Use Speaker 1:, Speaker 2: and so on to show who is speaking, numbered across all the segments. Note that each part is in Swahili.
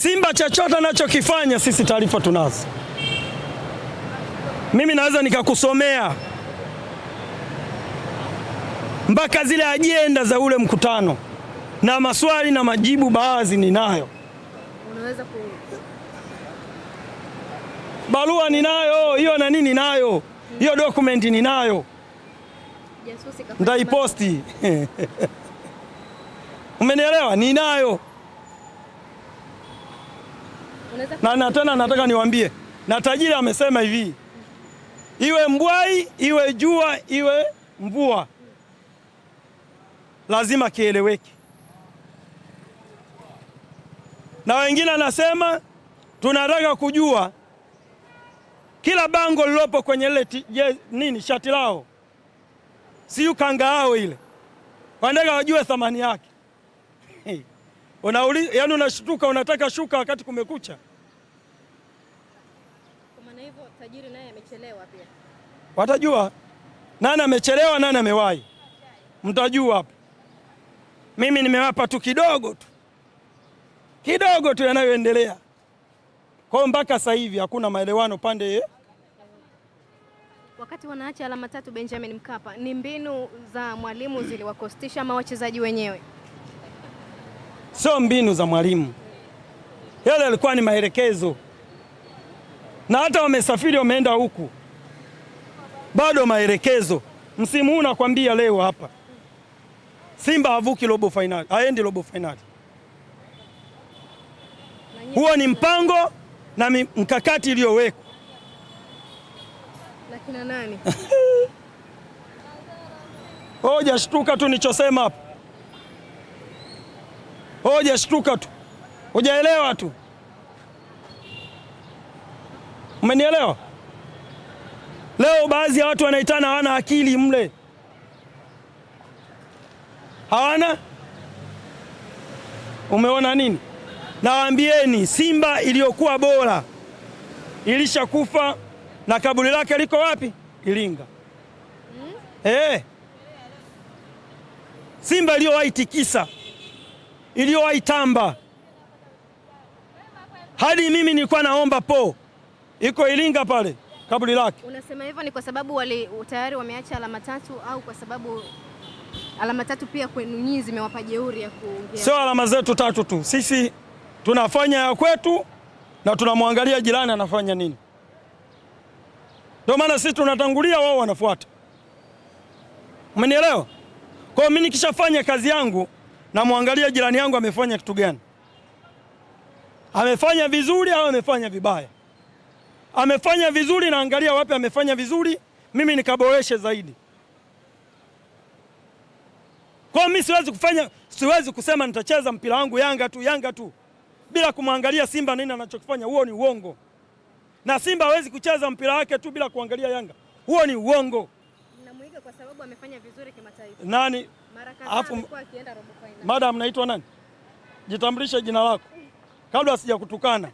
Speaker 1: Simba chochote anachokifanya sisi taarifa tunazo. Mimi naweza nikakusomea mpaka zile ajenda za ule mkutano na maswali na majibu, baadhi ninayo, unaweza ku barua ninayo hiyo na nini ninayo hiyo hmm. dokumenti ninayo ndaiposti umenielewa? ninayo na na tena nataka niwaambie, na tajiri amesema hivi, iwe mbwai iwe jua iwe mvua, lazima kieleweke. Na wengine anasema tunataka kujua kila bango lilopo kwenye ile nini shati lao, siyu kanga yao ile, wanataka wajue thamani yake. Unauli, yani unashtuka unataka shuka wakati kumekucha.
Speaker 2: Kwa maana hivyo tajiri naye amechelewa pia.
Speaker 1: Watajua nani amechelewa nani amewahi, mtajua hapo. Mimi nimewapa tu kidogo tu kidogo tu yanayoendelea. Kwa hiyo mpaka sasa hivi hakuna maelewano pande
Speaker 2: wakati wanaacha alama tatu Benjamin Mkapa, ni mbinu za mwalimu ziliwakostisha ama wachezaji wenyewe?
Speaker 1: sio mbinu za mwalimu. Yale yalikuwa ni maelekezo, na hata wamesafiri wameenda huku, bado maelekezo. Msimu huu nakwambia leo hapa Simba havuki robo fainali, haendi robo fainali. Huo ni mpango na mkakati iliyowekwa
Speaker 2: na kina nani?
Speaker 1: shtuka tu nichosema hapa hujashtuka tu, hujaelewa tu. Umenielewa? Leo baadhi ya watu wanaitana hawana akili mle, hawana umeona nini? Nawaambieni, Simba iliyokuwa bora ilishakufa na kaburi lake liko wapi? ilinga hmm? Eh, Simba iliyowahi tikisa iliyowaitamba Hadi mimi nilikuwa naomba po, iko Ilinga pale kaburi lake.
Speaker 2: Unasema hivyo ni kwa sababu wale tayari wameacha alama tatu, au kwa sababu alama tatu pia kwenu nyinyi zimewapa jeuri ya kuongea?
Speaker 1: Sio alama zetu tatu tu, sisi tunafanya ya kwetu na tunamwangalia jirani anafanya nini. Ndio maana sisi tunatangulia, wao wanafuata. Umenielewa? Kwa hiyo mimi nikishafanya kazi yangu namwangalia jirani yangu amefanya kitu gani, amefanya vizuri au amefanya vibaya. Amefanya vizuri, naangalia wapi amefanya vizuri, mimi nikaboreshe zaidi. Kwa mimi siwezi kufanya, siwezi kusema nitacheza mpira wangu Yanga tu Yanga tu bila kumwangalia Simba nini anachokifanya. Huo ni uongo, na Simba hawezi kucheza mpira wake tu bila kuangalia Yanga. Huo ni uongo
Speaker 2: kwa sababu amefanya vizuri kimataifa. Nani? Alafu
Speaker 1: madam, naitwa nani? Jitambulishe jina lako kabla sija kutukana.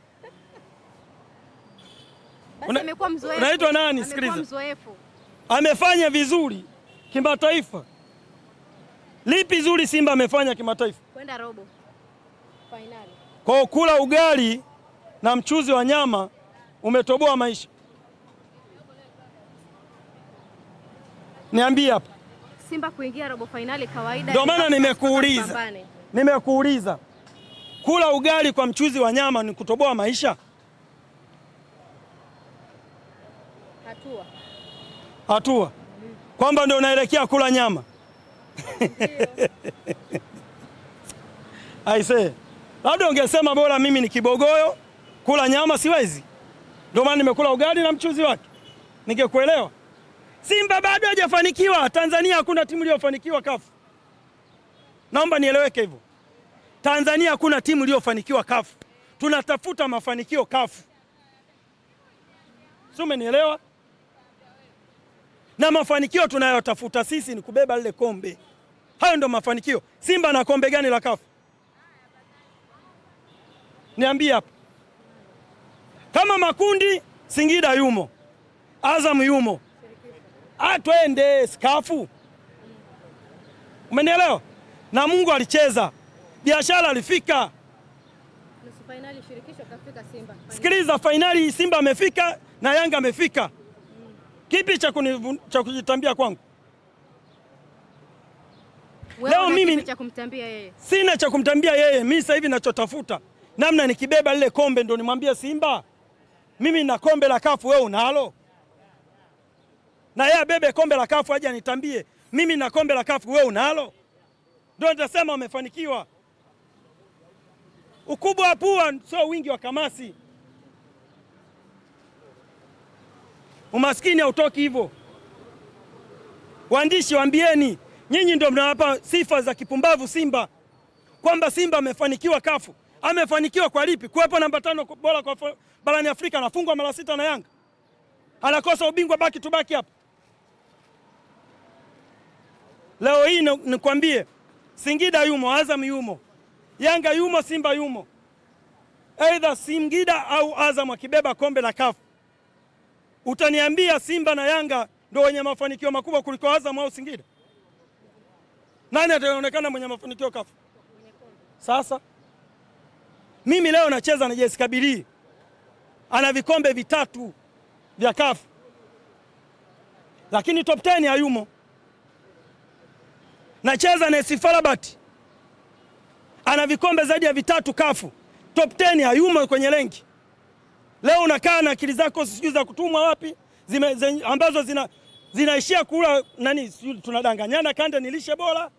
Speaker 2: Basi amekuwa mzoefu. Unaitwa nani?
Speaker 1: Sikiliza, Amekuwa mzoefu. amefanya vizuri kimataifa. Lipi zuri Simba amefanya kimataifa?
Speaker 2: Kwenda robo fainali.
Speaker 1: Kwa kula ugali na mchuzi wa nyama umetoboa maisha. Niambie hapa.
Speaker 2: Simba kuingia robo finali kawaida.
Speaker 1: Ndio maana nimekuuliza. Nimekuuliza. Kula ugali kwa mchuzi wa nyama ni kutoboa maisha? Hatua. Hatua. Kwamba ndio unaelekea kula nyama. Aisee. Labda ungesema bora mimi ni kibogoyo, kula nyama siwezi. Ndio maana nimekula ugali na mchuzi wake. Ningekuelewa. Simba bado hajafanikiwa. Tanzania hakuna timu iliyofanikiwa kafu. Naomba nieleweke hivyo. Tanzania hakuna timu iliyofanikiwa kafu. Tunatafuta mafanikio kafu, si umenielewa? Na mafanikio tunayotafuta sisi ni kubeba lile kombe. Hayo ndio mafanikio. Simba na kombe gani la kafu? Niambie hapa. Kama makundi, Singida yumo, Azam yumo, atwende ah, skafu, umenielewa? Na Mungu alicheza biashara, alifika sikiliza, fainali Simba amefika na Yanga amefika. Kipi cha kujitambia kwangu?
Speaker 2: leo mimi cha kumtambia yeye.
Speaker 1: Sina cha kumtambia yeye. Mimi sasa hivi ninachotafuta namna nikibeba lile kombe ndo nimwambie Simba, mimi na kombe la kafu, wewe unalo na yeye abebe kombe la kafu aje anitambie mimi na kombe la kafu, wewe unalo? Ndio nitasema wamefanikiwa. Ukubwa wa pua sio wingi wa kamasi. Umaskini hautoki hivyo. Waandishi waambieni, nyinyi ndio mnawapa sifa za kipumbavu Simba kwamba Simba amefanikiwa kafu. Amefanikiwa kwa lipi? Kuwepo namba tano bora kwa barani Afrika, anafungwa mara sita na Yanga, anakosa ubingwa baki tubaki hapa. Leo hii nikwambie, Singida yumo, Azam yumo, Yanga yumo, Simba yumo. Aidha Singida au Azam akibeba kombe la kafu, utaniambia Simba na Yanga ndio wenye mafanikio makubwa kuliko Azam au Singida? Nani ataonekana mwenye mafanikio kafu? Sasa mimi leo nacheza na jesi kabilii ana vikombe vitatu vya kafu, lakini top 10 hayumo nacheza na SC Farabat, ana vikombe zaidi ya vitatu kafu, top 10 hayumo kwenye lengi. Leo unakaa na akili zako sijui za kutumwa wapi zime, zen, ambazo zina zinaishia kula nani, tunadanganyana kande ni lishe bora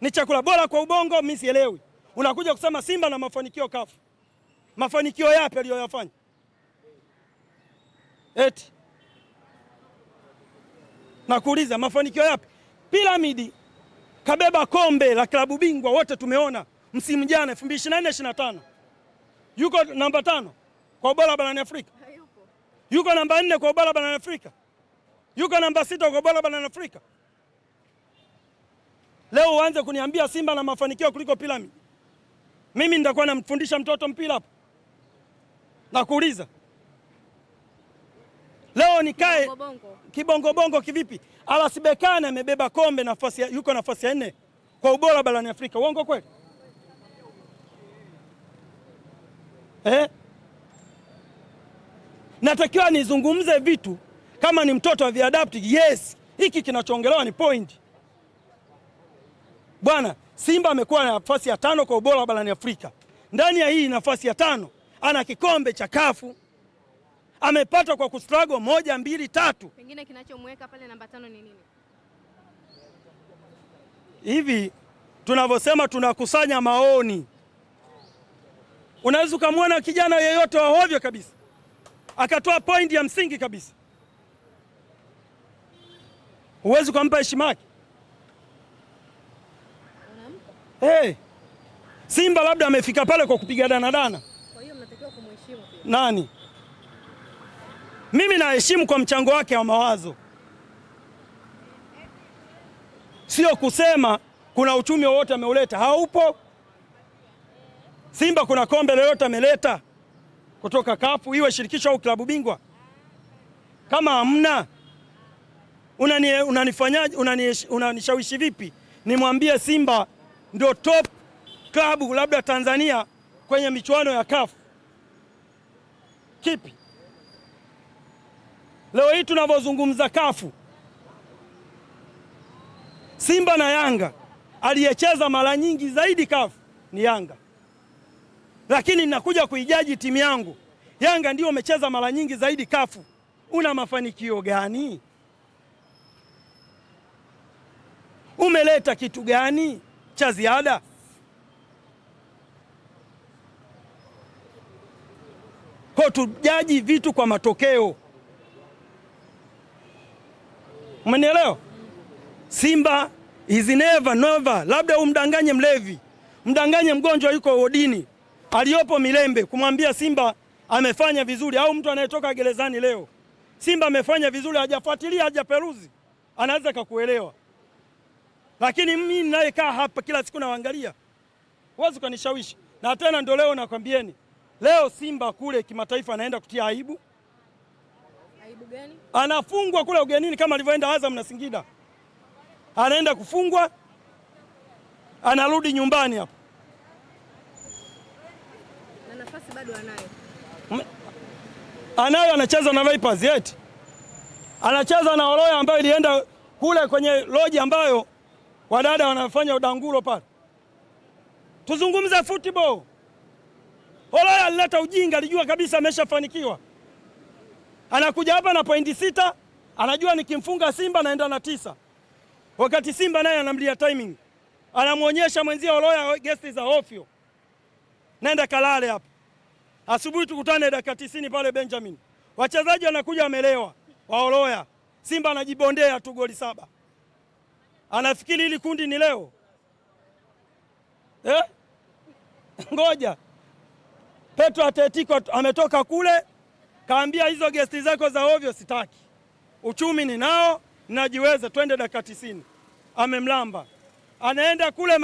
Speaker 1: ni chakula bora kwa ubongo, mimi sielewi. Unakuja kusema Simba na mafanikio kafu, mafanikio yapi aliyoyafanya? Eti nakuuliza mafanikio yapi? Piramidi kabeba kombe la klabu bingwa, wote tumeona msimu jana 2024 25. Yuko namba tano kwa ubora barani Afrika, yuko namba nne kwa ubora barani Afrika, yuko namba sita kwa ubora barani Afrika. Leo uanze kuniambia Simba na mafanikio kuliko Piramidi, mimi nitakuwa namfundisha mtoto mpira hapo? Nakuuliza. Leo nikae kibongobongo kibongo bongo kivipi? RS Bekane amebeba kombe nafasi, yuko nafasi ya nne kwa ubora barani Afrika. Uongo kweli eh? Natakiwa nizungumze vitu kama ni mtoto wa viadapt. Yes, hiki kinachoongelewa ni point bwana. Simba amekuwa na nafasi ya tano kwa ubora barani Afrika, ndani ya hii nafasi ya tano ana kikombe cha kafu amepata kwa kustrago moja mbili tatu.
Speaker 2: Pengine kinachomweka pale namba tano ni nini?
Speaker 1: Hivi tunavyosema tunakusanya maoni, unaweza ukamwona kijana yeyote wa hovyo kabisa akatoa point ya msingi kabisa, huwezi ukampa heshima yake. Hey, Simba labda amefika pale kwa kupiga danadana.
Speaker 2: Kwa hiyo mnatakiwa kumheshimu pia.
Speaker 1: Nani? Mimi naheshimu kwa mchango wake wa mawazo, sio kusema kuna uchumi wowote ameuleta, haupo. Simba kuna kombe lolote ameleta kutoka kapu, iwe shirikisho au klabu bingwa? Kama hamna, unanifanyaje? Unanishawishi unani, vipi nimwambie Simba ndio top klabu labda Tanzania kwenye michuano ya kafu? Kipi? Leo hii tunavyozungumza kafu Simba na Yanga, aliyecheza mara nyingi zaidi kafu ni Yanga, lakini ninakuja kuijaji timu yangu Yanga ndio umecheza mara nyingi zaidi kafu. Una mafanikio gani? Umeleta kitu gani cha ziada? Kwa tujaji vitu kwa matokeo. Umenielewa? Simba is never never, labda umdanganye mlevi, mdanganye mgonjwa yuko wodini, aliyopo Milembe, kumwambia Simba amefanya vizuri, au mtu anayetoka gerezani leo Simba amefanya vizuri, hajafuatilia hajaperuzi, anaweza kakuelewa. Lakini mimi ninayekaa hapa kila siku nawaangalia, huwezi ukanishawishi. Na tena ndio leo nakwambieni, leo Simba kule kimataifa anaenda kutia aibu aibu gani? Anafungwa kule ugenini kama alivyoenda Azam na Singida, anaenda kufungwa, anarudi nyumbani hapo,
Speaker 2: na nafasi bado anayo,
Speaker 1: anayo, anacheza na Vipers yet anacheza na Oloya ambayo ilienda kule kwenye loji ambayo wadada wanafanya udangulo pale. Tuzungumze football. Oloya alileta ujinga, alijua kabisa ameshafanikiwa. Anakuja hapa na pointi sita, anajua nikimfunga Simba naenda na tisa, wakati Simba naye anamlia timing, anamwonyesha mwenzia Oloya gesti za ofyo, nenda kalale hapa, asubuhi tukutane dakika tisini pale Benjamin. Wachezaji wanakuja wamelewa, oloya Simba anajibondea tu goli saba, anafikiri hili kundi ni leo eh? Ngoja Petro Atletico ametoka kule kaambia hizo gesti zako za ovyo sitaki, uchumi ni nao najiweza, twende dakika tisini. Amemlamba, anaenda kule,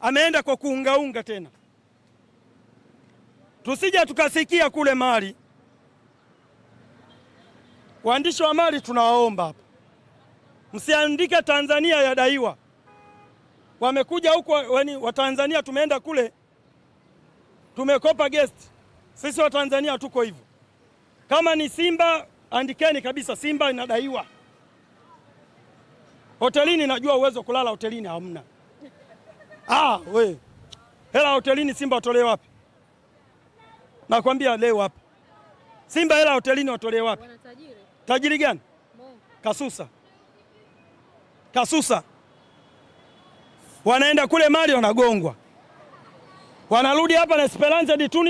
Speaker 1: ameenda kwa kuungaunga tena, tusija tukasikia kule mali. Waandishi wa mali tunawaomba hapa, msiandike Tanzania yadaiwa. Wamekuja huku Watanzania, tumeenda kule tumekopa gesti. Sisi Watanzania tuko hivyo kama ni Simba andikeni kabisa, Simba inadaiwa hotelini. Najua uwezo kulala hotelini hamna. Ah, we hela hotelini Simba watolee wapi? Nakwambia leo hapa Simba hela hotelini watolee wapi? Wana Tajiri gani? Kasusa, kasusa wanaenda kule mali wanagongwa, wanarudi hapa na Esperanza di Tunis.